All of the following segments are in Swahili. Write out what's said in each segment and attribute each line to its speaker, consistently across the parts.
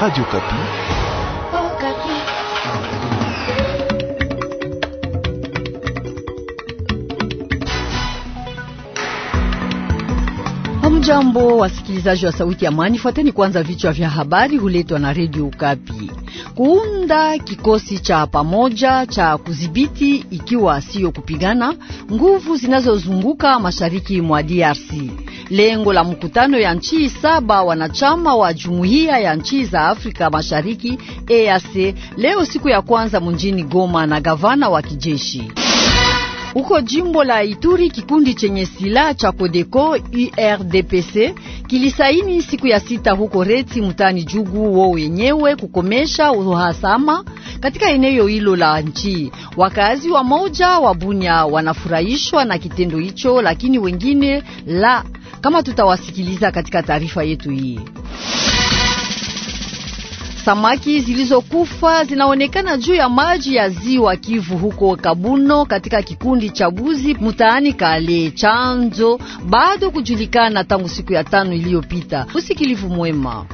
Speaker 1: Radio Kapi. Oh, Kapi.
Speaker 2: Hamjambo wasikilizaji wa sauti ya amani, fuateni kwanza vichwa vya habari huletwa na Radio Kapi. Kuunda kikosi cha pamoja cha kudhibiti ikiwa siyo kupigana nguvu zinazozunguka mashariki mwa DRC. Lengo la mkutano ya nchi saba wanachama wa jumuiya ya nchi za Afrika Mashariki EAC leo siku ya kwanza mjini Goma na gavana wa kijeshi huko jimbo la Ituri, kikundi chenye silaha cha Codeco URDPC kilisaini siku ya sita huko Reti mutani Jugu wo wenyewe kukomesha uhasama katika eneo hilo la nchi. Wakazi wa moja wa Bunya wanafurahishwa na kitendo hicho, lakini wengine la kama tutawasikiliza katika taarifa yetu hii. Samaki zilizokufa zinaonekana juu ya maji ya ziwa Kivu huko Kabuno katika kikundi cha Buzi mtaani Kale. Chanzo bado kujulikana tangu siku ya tano iliyopita. Usikilivu mwema.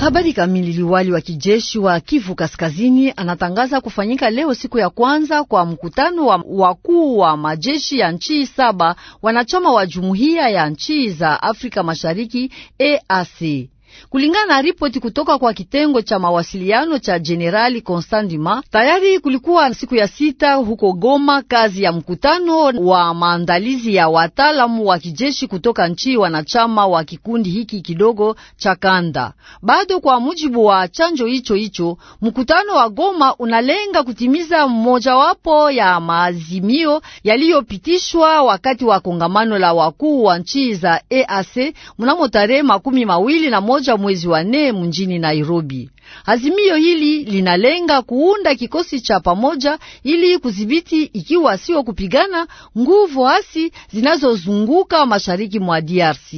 Speaker 2: Habari kamili. Liwali wa kijeshi wa Kivu Kaskazini anatangaza kufanyika leo siku ya kwanza kwa mkutano wa wakuu wa majeshi ya nchi saba wanachama wa jumuiya ya nchi za Afrika Mashariki EAC. Kulingana na ripoti kutoka kwa kitengo cha mawasiliano cha Jenerali Constant Duma, tayari kulikuwa siku ya sita huko Goma kazi ya mkutano wa maandalizi ya wataalamu wa kijeshi kutoka nchi wanachama wa kikundi hiki kidogo cha kanda. Bado kwa mujibu wa chanjo hicho hicho, mkutano wa Goma unalenga kutimiza mmojawapo ya maazimio yaliyopitishwa wakati wa kongamano la wakuu wa nchi za EAC mnamo tarehe makumi mawili na moja moja mwezi wa nne mjini Nairobi. Azimio hili linalenga kuunda kikosi cha pamoja ili kudhibiti, ikiwa sio kupigana, nguvu hasi zinazozunguka mashariki mwa DRC.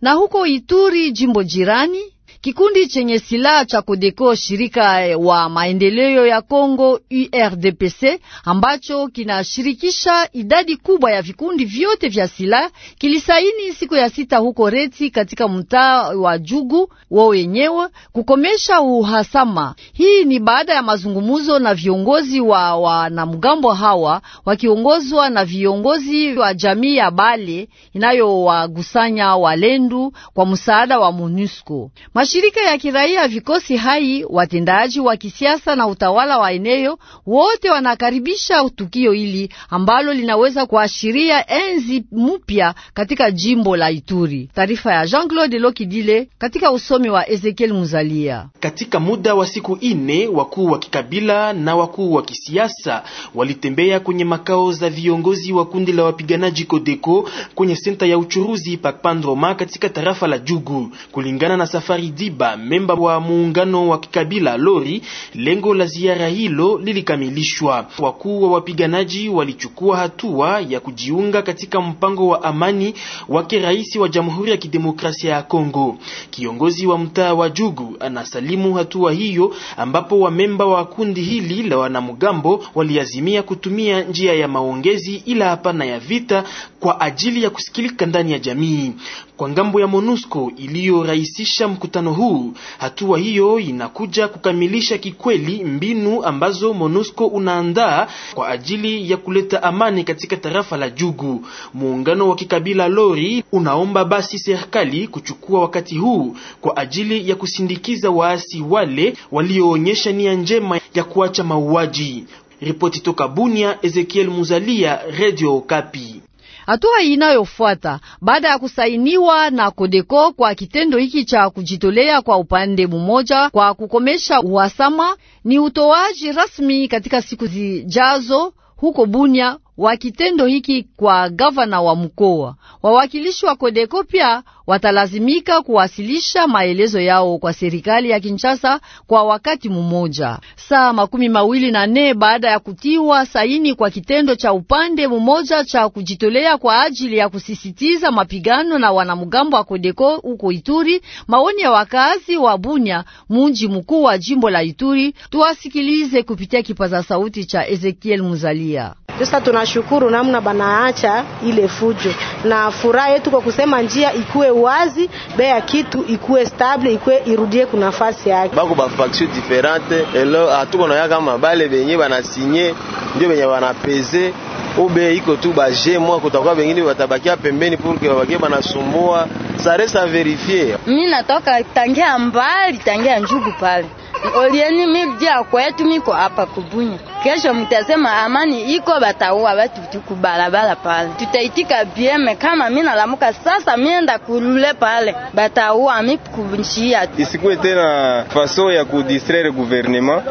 Speaker 2: Na huko Ituri, jimbo jirani Kikundi chenye silaha cha Kodeko, shirika wa maendeleo ya Kongo URDPC, ambacho kinashirikisha idadi kubwa ya vikundi vyote vya silaha kilisaini siku ya sita huko Reti katika mtaa wa Jugu wao wenyewe kukomesha uhasama. Hii ni baada ya mazungumzo na viongozi wa wanamgambo hawa wakiongozwa na viongozi wa jamii ya Bale inayowagusanya Walendu kwa msaada wa MONUSCO mashirika ya kiraia, vikosi hai, watendaji wa kisiasa na utawala wa eneo wote wanakaribisha tukio hili ambalo linaweza kuashiria enzi mpya katika jimbo la Ituri. Taarifa ya Jean-Claude Lokidile katika usomi wa Ezekiel Muzalia.
Speaker 1: Katika muda wa siku ine, wakuu wa kikabila na wakuu wa kisiasa walitembea kwenye makao za viongozi wa kundi la wapiganaji Kodeko kwenye senta ya uchuruzi Pakpandroma katika tarafa la Jugu kulingana na safari Zanzibar, memba wa muungano wa kikabila Lori. Lengo la ziara hilo lilikamilishwa. Wakuu wa wapiganaji walichukua hatua ya kujiunga katika mpango wa amani wake rais wa Jamhuri ya Kidemokrasia ya Kongo. Kiongozi wa mtaa wa Jugu anasalimu hatua hiyo, ambapo wamemba wa kundi hili la wanamgambo waliazimia kutumia njia ya maongezi, ila hapana ya vita, kwa ajili ya kusikilika ndani ya jamii kwa ngambo ya MONUSCO iliyorahisisha mkutano huu. Hatua hiyo inakuja kukamilisha kikweli mbinu ambazo MONUSCO unaandaa kwa ajili ya kuleta amani katika tarafa la Jugu. Muungano wa kikabila Lori unaomba basi serikali kuchukua wakati huu kwa ajili ya kusindikiza waasi wale walioonyesha nia njema ya kuacha mauaji. Ripoti toka Bunia, Ezekiel Muzalia, Radio Okapi.
Speaker 2: Hatua inayofuata baada ya kusainiwa na Kodeko kwa kitendo hiki cha kujitolea kwa upande mmoja kwa kukomesha uhasama ni utoaji rasmi katika siku zijazo huko Bunia wa kitendo hiki kwa gavana wa mkoa. Wawakilishi wa Kodeko pia watalazimika kuwasilisha maelezo yao kwa serikali ya Kinshasa kwa wakati mmoja, saa makumi mawili na nne baada ya kutiwa saini kwa kitendo cha upande mmoja cha kujitolea kwa ajili ya kusisitiza mapigano na wanamgambo wa Kodeko huko Ituri. Maoni ya wakazi wa Bunya, mji mkuu wa jimbo la Ituri, tuwasikilize kupitia kipaza sauti cha Ezekiel Muzalia.
Speaker 3: Sasa tunashukuru namna banaacha ile fujo na furaha yetu kwa kusema njia ikuwe wazi, bei ya kitu ikuwe stable, ikuwe irudie ku nafasi yake. Bako
Speaker 1: ba faction diferente elo atuko ah, na kama bale benye bana sinye ndio benye banapeze ube iko tu baje mwa kutakuwa bengine watabakia pembeni que wabakie banasumbua sa verifie.
Speaker 2: Mimi natoka tangia mbali tangia njugu pale olieni milijia kwetu miko hapa kubunya. Kesho mtasema amani iko, bataua watu tukubalabala pale, tutaitika bieme. Kama mimi nalamuka sasa mienda kulule pale, bataua mikunshia.
Speaker 1: Isikuwe tena faso ya kudistraire guvernema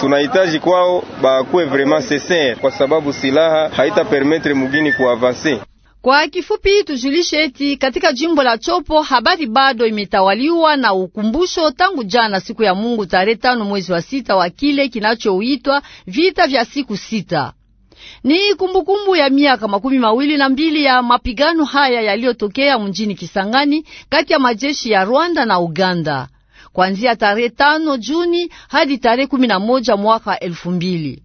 Speaker 1: Tunahitaji kwao bakuwe vraiment sincere, kwa sababu silaha haita permettre mugini kuavancer.
Speaker 2: Kwa kifupi tujulishe eti katika jimbo la Chopo habari bado imetawaliwa na ukumbusho tangu jana siku ya Mungu tarehe tano mwezi wa sita wa kile kinachoitwa vita vya siku sita. Ni kumbukumbu kumbu ya miaka makumi mawili na mbili ya mapigano haya yaliyotokea mjini Kisangani kati ya majeshi ya Rwanda na Uganda kuanzia tarehe tano Juni hadi tarehe kumi na moja mwaka elfu mbili.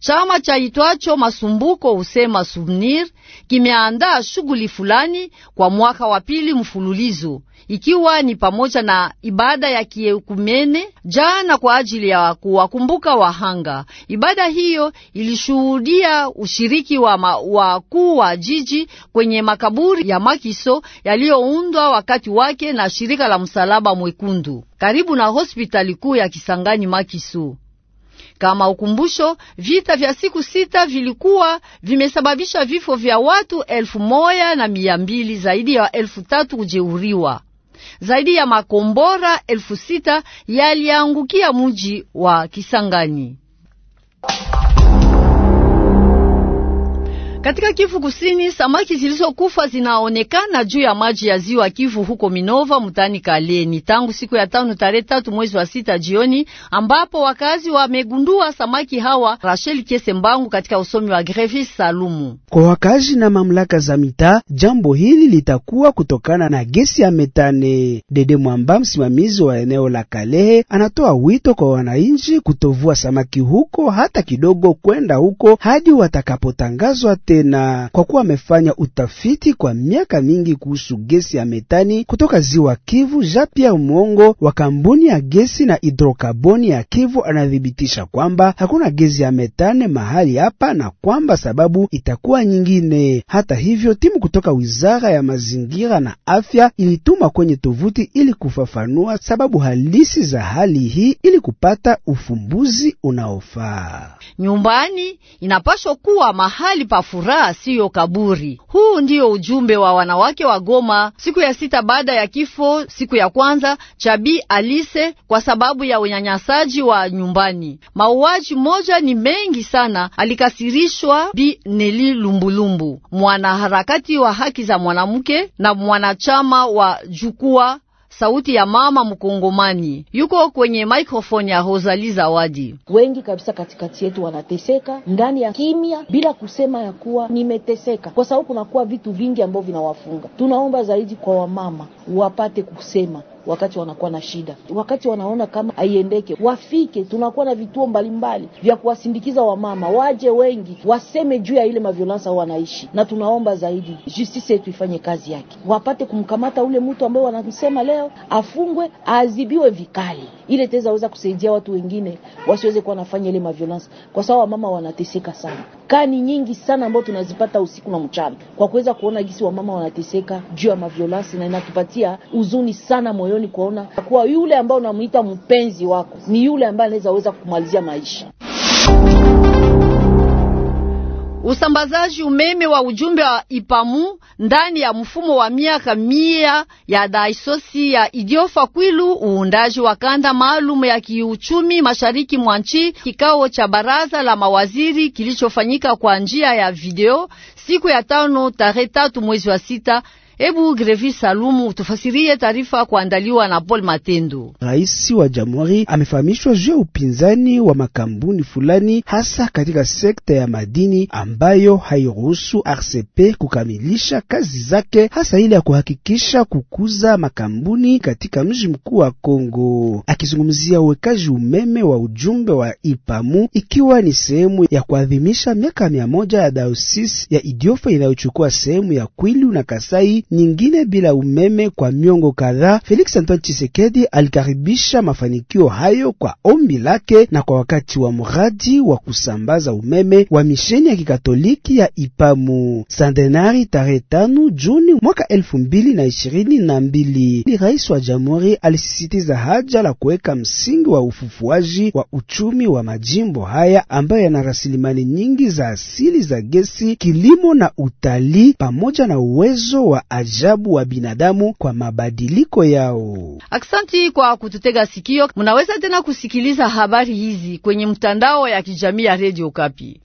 Speaker 2: Chama chaitwacho Masumbuko husema Souvenir kimeandaa shughuli fulani kwa mwaka wa pili mfululizo, ikiwa ni pamoja na ibada ya kiekumene jana kwa ajili ya kuwakumbuka wahanga. Ibada hiyo ilishuhudia ushiriki wa wakuu wa jiji kwenye makaburi ya Makiso yaliyoundwa wakati wake na shirika la Msalaba Mwekundu karibu na hospitali kuu ya Kisangani Makiso. Kama ukumbusho, vita vya siku sita vilikuwa vimesababisha vifo vya watu elfu moja na mia mbili zaidi ya elfu tatu kujeuriwa. Zaidi ya makombora elfu sita yaliangukia mji wa Kisangani. Katika Kivu Kusini, samaki zilizokufa zinaonekana juu ya maji ya ziwa Kivu huko Minova mtani Kaleni tangu siku ya tano tarehe tatu mwezi wa sita jioni, ambapo wakazi wamegundua samaki hawa. Rachel Kesembangu katika usomi wa Grevis Salumu.
Speaker 3: Kwa wakazi na mamlaka za mitaa, jambo hili litakuwa kutokana na gesi ya metane. Dede Mwamba, msimamizi wa eneo la Kalehe, anatoa wito kwa wananchi kutovua samaki huko hata kidogo, kwenda huko hadi watakapotangazwa te tena kwa kuwa amefanya utafiti kwa miaka mingi kuhusu gesi ya metani kutoka ziwa Kivu, Jean Pierre Mwongo wa kampuni ya gesi na hidrokaboni ya Kivu anathibitisha kwamba hakuna gesi ya metani mahali hapa na kwamba sababu itakuwa nyingine. Hata hivyo, timu kutoka wizara ya mazingira na afya ilituma kwenye tovuti ili kufafanua sababu halisi za hali hii ili
Speaker 2: kupata ufumbuzi unaofaa. Nyumbani inapaswa kuwa mahali pa furaha siyo kaburi. Huu ndio ujumbe wa wanawake wa Goma siku ya sita baada ya kifo siku ya kwanza cha Bi alise kwa sababu ya unyanyasaji wa nyumbani. Mauaji moja ni mengi sana, alikasirishwa Bi Neli Lumbulumbu, mwanaharakati wa haki za mwanamke na mwanachama wa Jukua sauti ya mama mkongomani yuko kwenye mikrofoni ya Rosalie Zawadi. Wengi kabisa katikati yetu wanateseka ndani ya kimya bila kusema ya kuwa nimeteseka, kwa sababu kunakuwa vitu vingi ambavyo vinawafunga. Tunaomba zaidi kwa wamama wapate kusema wakati wanakuwa na shida, wakati wanaona kama haiendeke, wafike. Tunakuwa na vituo mbalimbali vya kuwasindikiza wamama, waje wengi waseme juu ya ile maviolansa au wanaishi, na tunaomba zaidi justice yetu ifanye kazi yake, wapate kumkamata ule mtu ambaye wanamsema leo afungwe, aadhibiwe vikali, ile taweza kusaidia watu wengine wasiweze kuwa nafanya ile maviolansa, kwa sababu wamama wanateseka sana kani nyingi sana ambao tunazipata usiku na mchana, kwa kuweza kuona gisi wamama wanateseka juu ya maviolansi, na inatupatia huzuni sana moyoni kuona kuwa yule ambao unamuita mpenzi wako ni yule ambaye anaweza weza kumalizia maisha usambazaji umeme wa ujumbe wa Ipamu ndani ya mfumo wa miaka mia ya daisosi ya Idiofa Kwilu, uundaji wa kanda maalum ya kiuchumi mashariki mwa nchi. Kikao cha baraza la mawaziri kilichofanyika kwa njia ya video siku ya tano tarehe tatu mwezi wa sita Hebu Grevi Salumu tufasirie taarifa kuandaliwa na Paul Matendo.
Speaker 3: raisi wa jamhuri amefahamishwa juu ya upinzani wa makambuni fulani hasa katika sekta ya madini ambayo hairuhusu RCP kukamilisha kazi zake hasa ile ya kuhakikisha kukuza makambuni katika mji mkuu wa Kongo. Akizungumzia uwekaji umeme wa ujumbe wa IPAMU ikiwa ni sehemu ya kuadhimisha miaka mia moja ya daosis ya Idiofa inayochukua sehemu ya Kwilu na Kasai nyingine bila umeme kwa miongo kadhaa. Felix Antoine Tshisekedi alikaribisha mafanikio hayo kwa ombi lake na kwa wakati wa mradi wa kusambaza umeme wa misheni ya kikatoliki ya Ipamu sandenari tarehe tano Juni mwaka elfu mbili na ishirini na mbili. Rais wa jamhuri alisisitiza haja la kuweka msingi wa ufufuaji wa uchumi wa majimbo haya ambayo yana rasilimali nyingi za asili za gesi, kilimo na utalii pamoja na uwezo wa ajabu wa binadamu kwa mabadiliko yao.
Speaker 2: Aksanti kwa kututega sikio. Munaweza tena kusikiliza habari hizi kwenye mtandao ya kijamii ya Radio Kapi.